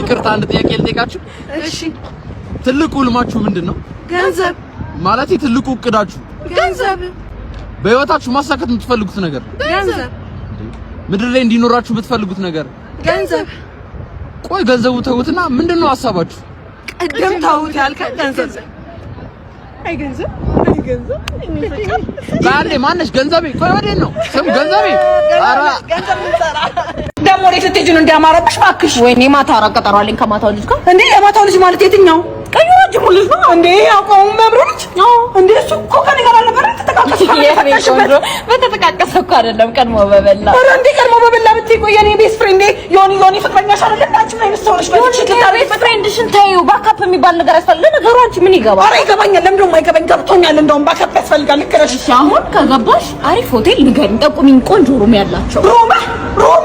ይቅርታ አንድ ጥያቄ ልጠይቃችሁ። እሺ፣ ትልቁ ህልማችሁ ምንድን ነው? ገንዘብ ማለት ትልቁ እቅዳችሁ ገንዘብ፣ በህይወታችሁ ማሳካት የምትፈልጉት ነገር ገንዘብ፣ ምድር ላይ እንዲኖራችሁ የምትፈልጉት ነገር ገንዘብ። ቆይ ገንዘቡ ተውትና ምንድን ነው ሀሳባችሁ? ቀደም ታውት ያልከ ገንዘብ አይ ገንዘብ አይ ገንዘብ ማነሽ? ገንዘቤ ቆይ ወዴት ነው ስም ገንዘቤ ገንዘብ ደግሞ ወዴት ልትሄጂ ነው? እንዲያማረብሽ እባክሽ። ወይኔ ማታ እራት ቀጠሮ አለኝ ከማታው ልጅ ጋር። እንዴ የማታው ልጅ ማለት የትኛው? ቀዩ ረጅሙ ልጅ ነው እንዴ? አቋሙ መምሩ ልጅ እንዴ? እሱ እኮ ከኔ ጋር አልነበረ በተጠቃቀሰ እኮ አይደለም ቀድሞ በበላ ኧረ እንዴ ቀድሞ በበላ ብትይ ቆይ የኔ ቤስት ፍሬንድ ዮኒ ዮኒ ፍቅረኛሽ አይደለ? አንቺ ምን አይነት ሰው ነሽ? ቤስት ፍሬንድሽን ተይው። ባካፕ የሚባል ነገር ያስፈልጋል። ለነገሩ አንቺ ምን ይገባል? ኧረ ይገባኛል። ለምን ደግሞ አይገባኝ? ገብቶኛል። እንደውም ባካፕ ያስፈልጋል። ልክ ነሽ። አሁን ከገባሽ አሪፍ ሆቴል ንገሪኝ፣ ጠቁሚኝ። ቆንጆ ሩም ያላቸው ሩም ሩም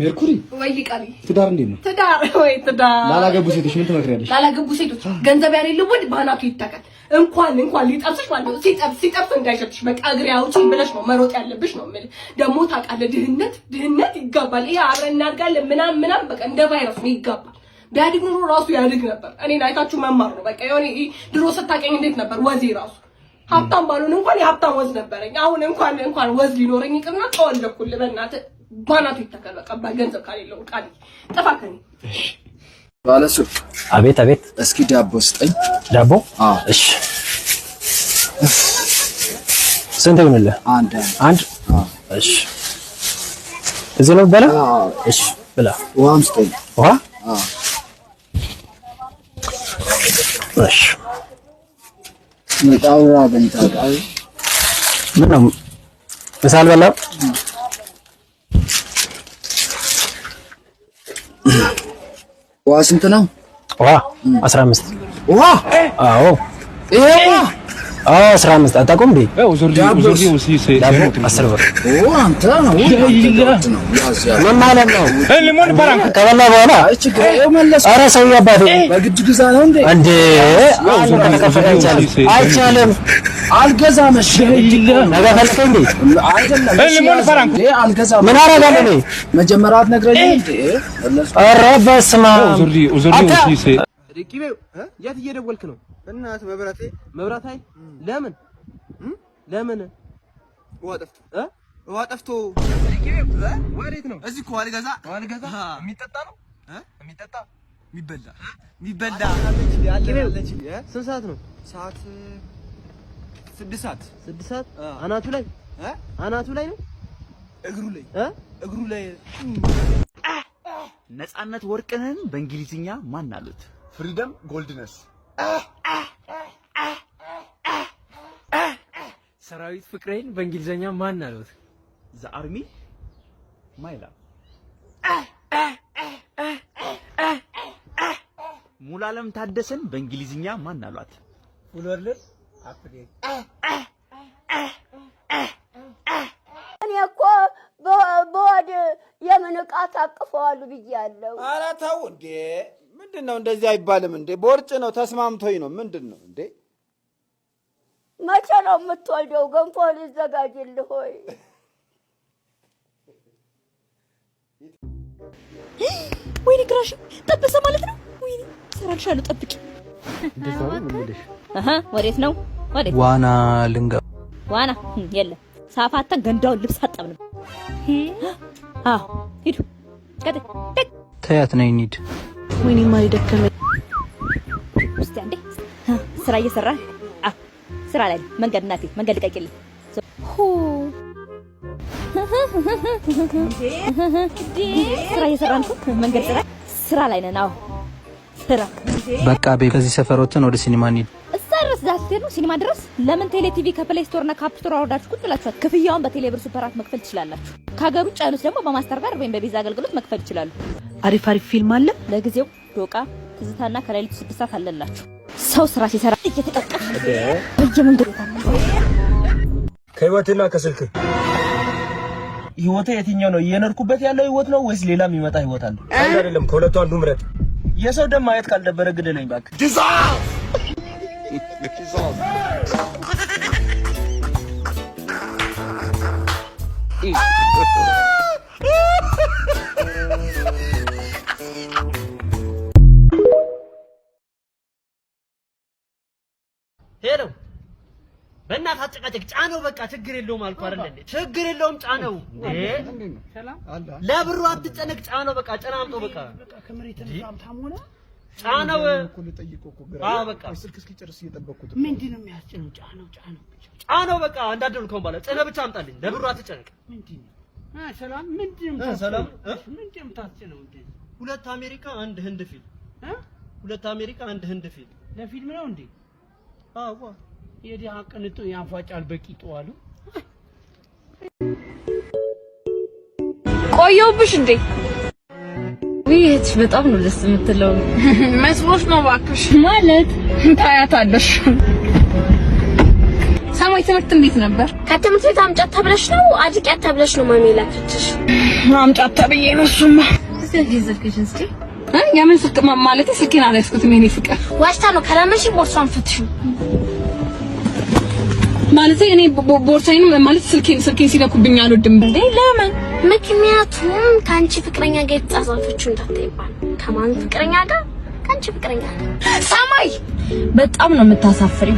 ሜርኩሪ ወይ ሊቃሊ ትዳር እንዴት ነው? ትዳር ወይ ትዳር ላላገቡ ሴቶች ምን ትመክሪያለሽ? ላላገቡ ሴቶች ገንዘብ ያሌለ ወንድ ባናቱ ይታቀል። እንኳን እንኳን ሊጠብስሽ ማለት ነው። ሲጠብስ ሲጠብስ እንዳይሸጥሽ በቃ እግሬ አውጪ ብለሽ ነው መሮጥ ያለብሽ ነው የምልህ። ደግሞ ታውቃለህ፣ ድህነት ድህነት ይጋባል። ይሄ አብረን እናድጋለን ምናምን ምናምን በቃ እንደ ቫይረስ ነው ይጋባል። ቢያድግ ኑሮ ራሱ ያድግ ነበር። እኔን አይታችሁ መማር ነው በቃ። የሆነ ድሮ ስታቀኝ እንዴት ነበር ወዜ ራሱ ሀብታም ባልሆን እንኳን የሀብታም ወዝ ነበረኝ። አሁን እንኳን እንኳን ወዝ ሊኖረኝ ይቅርና ተወለኩልህ በእናትህ ባናቱ ይታከል። በቃ በገንዘብ ካሌለው ቃል ጠፋ ከኔ ባለሱ። አቤት አቤት። እስኪ ዳቦ ስጠኝ። ዳቦ? አዎ። እሺ፣ ስንት ይሆንልህ? አንድ አንድ። እሺ፣ እዚህ ነው የሚበላው? እሺ፣ ብላ። ውሃም ስጠኝ። ውሃ? እሺ። ምጣው ምን ነው ምሳ አልበላም ውሃ ስንት ነው? ውሃ 15 ውሃ። አዎ ይሄ ውሃ አስራ አምስት አታውቅም እንዴ? አስር ብር ማለት ነው? ከበላ በኋላ ኧረ ሰውዬ አባቴ እንደ አይቻልም። አልገዛም። እሺ እንዴ? ምን አደርጋለሁ እኔ መጀመሪያ አትነግረኝም? ኧረ በስመ አብ የት እየደወልክ ነው? እናት መብራቴ መብራታይ ለምን ለምን ውሃ ጠፍቶ እ ውሃ ጠፍቶ ወዴት ነው? እዚህ እኮ አልገዛ አልገዛ የሚጠጣ ነው እ የሚጠጣ የሚበላ የሚበላ ስንት ሰዓት ነው? ሰዓት ስድስት ሰዓት ስድስት ሰዓት አናቱ ላይ እ አናቱ ላይ ነው እግሩ ላይ እ እግሩ ላይ ነፃነት ወርቅንን በእንግሊዝኛ ማን አሉት? ፍሪደም ጎልድነስ ሰራዊት ፍቅሬን በእንግሊዘኛ ማን አሉት? ዘ አርሚ ማይላ ሙሉዓለም ታደሰን በእንግሊዝኛ ማን አሏት? ፉሎርልን አፕዴት እኔ እኮ በወድ የምን ዕቃ ታቅፈዋሉ ብያለሁ። ኧረ ተው እንዴ! ምንድን ነው እንደዚህ አይባልም እንዴ! በወርጭ ነው ተስማምቶኝ ነው ምንድን ነው እንዴ? መቼ ነው የምትወልደው? ገንፎ ልዘጋጅልህ ሆይ ወይ ግራሽ ጠበሰ ማለት ነው። ወይ እሰራልሻለሁ፣ ጠብቂ። ወዴት ነው? ወዴት ዋና ልንገባ? ዋና የለም። ሳፋታ ገንዳውን ልብስ ነው። አዎ ሂዱ። ቀጥ ደግ ተያት ነኝ ኒድ ወይኔ ማሪ ደከመ። እስቲ አንዴ ስራ እየሰራ ስራ ላይ መንገድ እናቴ መንገድ ልቀቂልኝ። ስራ እየሰራን መንገድ ስራ ስራ ላይ ነን። አዎ ስራ በቃ ቤ ከዚህ ሰፈሮትን ወደ ሲኒማ እንሂድ። እዛ ድረስ እዛ ስትሄድ ነው ሲኒማ ድረስ። ለምን ቴሌ ቲቪ ከፕሌይ ስቶር እና ከአፕ ስቶር አወርዳችሁ ቁጭ ብላችኋል። ክፍያውን በቴሌ ብር ሱፐር አፕ መክፈል ትችላላችሁ። ከሀገር ውጭ ያሉት ደግሞ በማስተር ጋር ወይም በቪዛ አገልግሎት መክፈል ይችላሉ። አሪፍ አሪፍ ፊልም አለ። ለጊዜው ዶቃ ትዝታና ከሌሊቱ ስድስት ሰዓት አለላችሁ። ሰው ስራ ሲሰራ እየተቀጠፍ በየመንገዱ ከህይወትና ከስልክ ህይወት የትኛው ነው? እየነድኩበት ያለው ህይወት ነው ወይስ ሌላ የሚመጣ ህይወት አለ? አይደለም፣ ከሁለቱ አንዱ ምረጥ። የሰው ደም ማየት ካልደበረ ግደለኝ እባክህ። ዲዛ ሄሎ በእናት አጨቃጨቅ ጫነው። በቃ ችግር የለውም አልኩ አይደል እንዴ? ችግር የለውም ጫነው። ለብሩ አትጨነቅ ጫነው። በቃ ጫና አምጦ በቃ ጫነው። በቃ ጭነህ ብቻ አምጣልኝ። ለብሩ አትጨነቅ። ሁለት አሜሪካ አንድ ህንድ ፊልም፣ ሁለት አሜሪካ አንድ ህንድ ፊልም ለፊልም ነው እንዴ? አዎ የድሃ ቅንጡ ያንፏጫል በቂጡ አሉ። ቆየሁብሽ እንዴ? ይህች በጣም ነው ደስ የምትለው። መስሎሽ ነው እባክሽ። ማለት ታያታለሽ። ሰማይ ትምህርት እንዴት ነበር? ከትምህርት ቤት አምጫት ተብለሽ ነው አድቂያት ተብለሽ ነው ማሜ ላከችሽ? አምጫት ተብዬ ነው እሱማ። እስኪ የምን ስልክ ማለት ስልኬን አልያዝኩትም። የእኔ ፍቅር ዋሽታ ነው። ካላመሽ ቦርሳን ፍትሹ ማለት እኔ ቦርሳዬን ማለት ስልኬን ስልኬን ሲለኩብኝ አልወድም። እንዴ ለምን? ምክንያቱም ከአንቺ ፍቅረኛ ጋር የተጻጻፈችው እንዳታይባል። ከማን ፍቅረኛ ጋር? ከአንቺ ፍቅረኛ ጋር። ሰማይ በጣም ነው የምታሳፍሪው።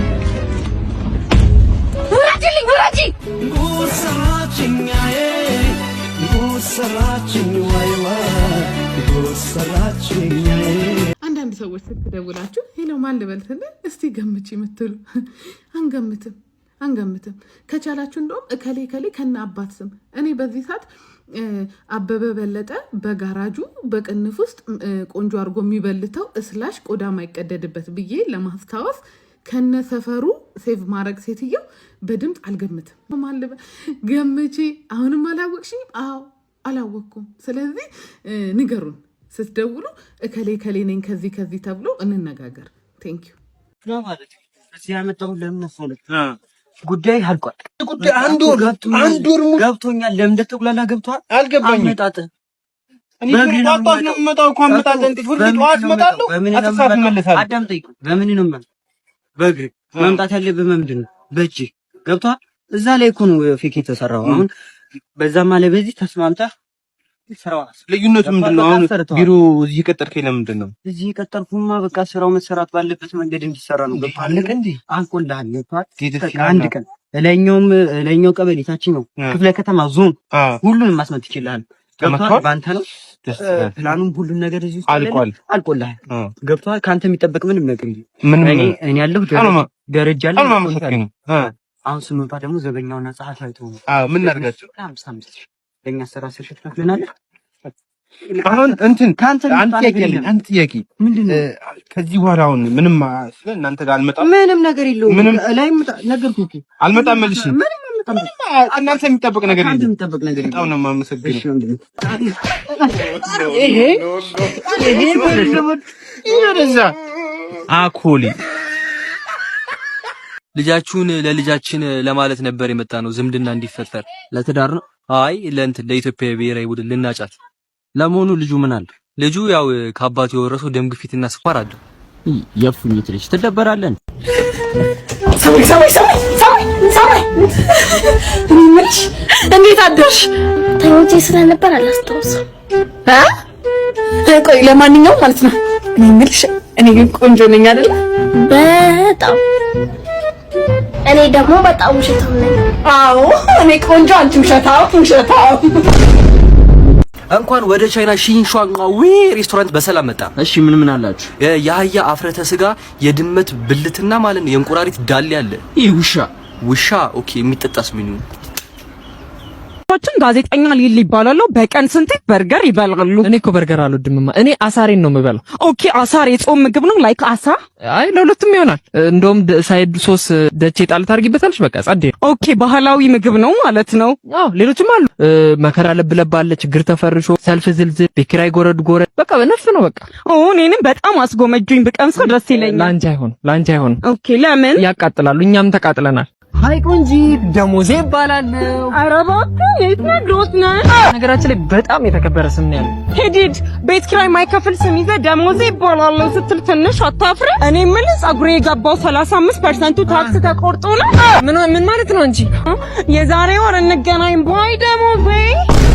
ሰዎች ስትደውላችሁ ሄሎ ማን ልበል ስንል እስቲ ገምች የምትሉ አንገምትም አንገምትም ከቻላችሁ እንደውም እከሌ እከሌ ከነ አባት ስም እኔ በዚህ ሰዓት አበበ በለጠ በጋራጁ በቅንፍ ውስጥ ቆንጆ አድርጎ የሚበልተው እስላሽ ቆዳ ማይቀደድበት ብዬ ለማስታወስ ከነ ሰፈሩ ሴቭ ማድረግ ሴትየው በድምፅ አልገምትም ማለበ ገምቼ አሁንም አላወቅሽኝም? አዎ አላወቅኩም። ስለዚህ ንገሩን። ስትደውሉ እከሌ እከሌ ነኝ ከዚህ ከዚህ ተብሎ እንነጋገር። ቴንክ ዩ ጉዳይ አልቋል። ጉዳይ አንድ ወር አንድ ወር ሙሉ ገብቶኛል። ለምን እንደተጉላላ ገብቶሃል። አልገባኝም። አመጣጥ እኔ ነው የምመጣው እኮ አመጣጥ በምን ነው መምጣት ያለብህ በምንድን ነው? በእጅ ገብቶሃል። እዛ ላይ እኮ ነው ፌክ የተሰራው። አሁን በዛ ማለ በዚህ ተስማምተህ ልዩነቱ ምንድን ነው? አሁን ቢሮ እዚህ ቀጠርከኝ ለምንድን ነው? እዚህ ቀጠርኩማ በቃ ስራው መሰራት ባለበት መንገድ እንዲሰራ ነው። ገባልክ? እንዲ አልቆልሃል። አንድ ቀን እላይኛውም እላይኛው ቀበሌ ታችኛው ክፍለ ከተማ ዞን ሁሉንም ማስመት ይችላል። ገብቷል። በአንተ ነው ፕላኑም ሁሉን ነገር እዚህ ውስጥ አልቋል። አልቆልሃል። ገብቷል። ከአንተ የሚጠበቅ ምንም ነገር ምን እኔ ያለሁ ደረጃ ለ አሁን ስምንቷ ደግሞ ዘበኛውና ጸሐፊ አይቶ ምን አድርጋቸው ለኛ አስር አስር ሺህ ትከፍለናለህ። አሁን እንትን አንድ ጥያቄ አለኝ። አንድ ጥያቄ ከዚህ በኋላ አሁን ምንም ስለ እናንተ ጋር አልመጣም። ምንም ነገር የለውም። ምንም ላይ ነገርኩህ እኮ አልመጣም። መልሽ ምንም እናንተ የሚጠበቅ ነገር የለም። በጣም ነው የማመሰግነው። አኮሊ ልጃችሁን ለልጃችን ለማለት ነበር የመጣ ነው። ዝምድና እንዲፈጠር ለትዳር ነው አይ ለእንትን ለኢትዮጵያ ብሔራዊ ቡድን ልናጫት። ለመሆኑ ልጁ ምን አለ? ልጁ ያው ከአባቱ የወረሰው ደም ግፊትና ስኳር አለ። የእፉኝት ልጅ ትደበራለን። እንዴት አደርሽ? ተኝቼ ስለነበር አላስታውስም። ቆይ ለማንኛውም ማለት ነው እኔ የምልሽ እኔ ግን ቆንጆ ነኝ አይደለ? በጣም እኔ ደግሞ በጣም ውሸታም ነኝ። አዎ እኔ ቆንጆ፣ አንቺ ውሸታው ውሸታው። እንኳን ወደ ቻይና ሺንሻንዊ ሬስቶራንት በሰላም መጣ። እሺ ምን ምን አላችሁ? የአህያ አፍረተ ስጋ፣ የድመት ብልትና ማለት ነው የእንቁራሪት ዳሌ አለ። ይህ ውሻ ውሻ ኦኬ። የሚጠጣስ ምን ችን ጋዜጠኛ ሊል ይባላሉ። በቀን ስንት በርገር ይበላሉ? እኔ እኮ በርገር አልወድምማ። እኔ አሳሬን ነው የምበላው። ኦኬ፣ አሳር የጾም ምግብ ነው። ላይክ አሳ። አይ ለሁለቱም ይሆናል። እንደውም ሳይድ ሶስ ደቼ ጣል ታርጊበታለሽ። በቃ ጸዴ። ኦኬ፣ ባህላዊ ምግብ ነው ማለት ነው። አዎ፣ ሌሎችም አሉ። መከራ ለብለብ አለ፣ ችግር ተፈርሾ፣ ሰልፍ ዝልዝል፣ ቤት ጎረድ ጎረድ። በቃ በነፍስ ነው በቃ። ኦ እኔንም በጣም አስጎመጁኝ። ብቀምሰው ደስ ይለኛል። ላንቺ አይሆንም፣ ላንቺ አይሆንም። ኦኬ፣ ለምን ያቃጥላሉ? እኛም ተቃጥለናል። ሀይቁ እንጂ ደሞዜ ይባላል። ኧረ እባክህ የት ነግሮት ነህ? ነገራችን ላይ በጣም የተከበረ ስም ነው ያለው። ሂድ ቤት ኪራይ የማይከፍል ስም ይዘህ ደሞዜ ይባላል ስትል ትንሽ አታፍረ? እኔ የምልህ ፀጉሬ የገባው 35 ፐርሰንቱ ታክስ ተቆርጦ ነው። ምን ማለት ነው እንጂ የዛሬ ወር እንገናኝ ባይ ደሞዜ